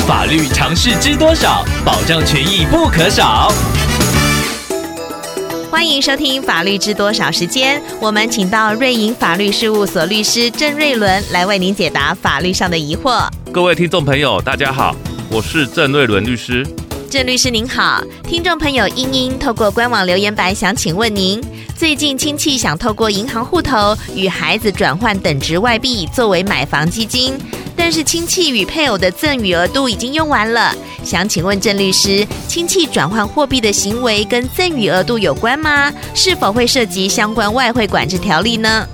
法律常識知多少，保障權益不可少。歡迎收聽《法律知多少》時間，我們請到瑞瀛法律事務所律師鄭瑞崙來為您解答法律上的疑惑。各位聽眾朋友，大家好，我是鄭瑞崙律師。鄭律師您好，聽眾朋友英英透過官網留言板想請問您，最近親戚想透過銀行戶頭與孩子轉換等值外幣作為買房基金。但是親戚與配偶的贈與額度已經用完了，想請問鄭律師，親戚轉換貨幣的行為跟贈與額度有關嗎？是否會涉及相關外匯管制條例呢？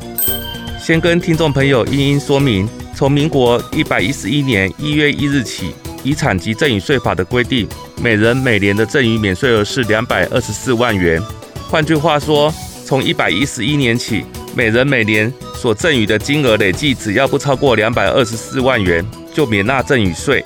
先跟聽眾朋友一一說明，從民國一百一十一年一月一日起，遺產及贈與稅法的規定，每人每年的贈與免稅額是兩百二十四萬元。換句話說，從一百一十一年起，每人每年。所贈與的金額累計只要不超過兩百二十四萬元，就免納贈與稅。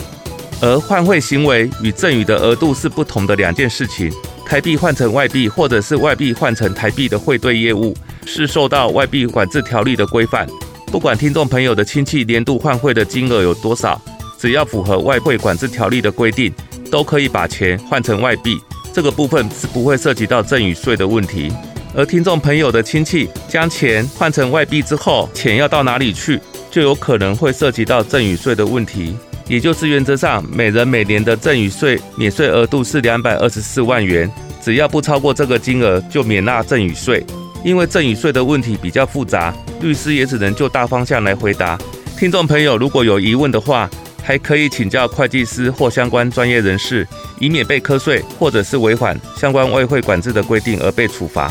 而換匯行為與贈與的額度是不同的兩件事情。台幣換成外幣，或者是外幣換成台幣的匯兌業務，是受到外幣管制條例的規範。不管聽眾朋友的親戚年度換匯的金額有多少，只要符合外匯管制條例的規定，都可以把錢換成外幣。這個部分是不會涉及到贈與稅的問題。而聽眾朋友的親戚將錢換成外幣之後，錢要到哪裡去，就有可能會涉及到贈與稅的問題。也就是原則上，每人每年的贈與稅免稅額度是兩百二十四萬元，只要不超過這個金額就免納贈與稅。因為贈與稅的問題比較複雜，律師也只能就大方向來回答。聽眾朋友如果有疑問的話，還可以請教會計師或相關專業人士，以免被課稅或者是違反相關外匯管制的規定而被處罰。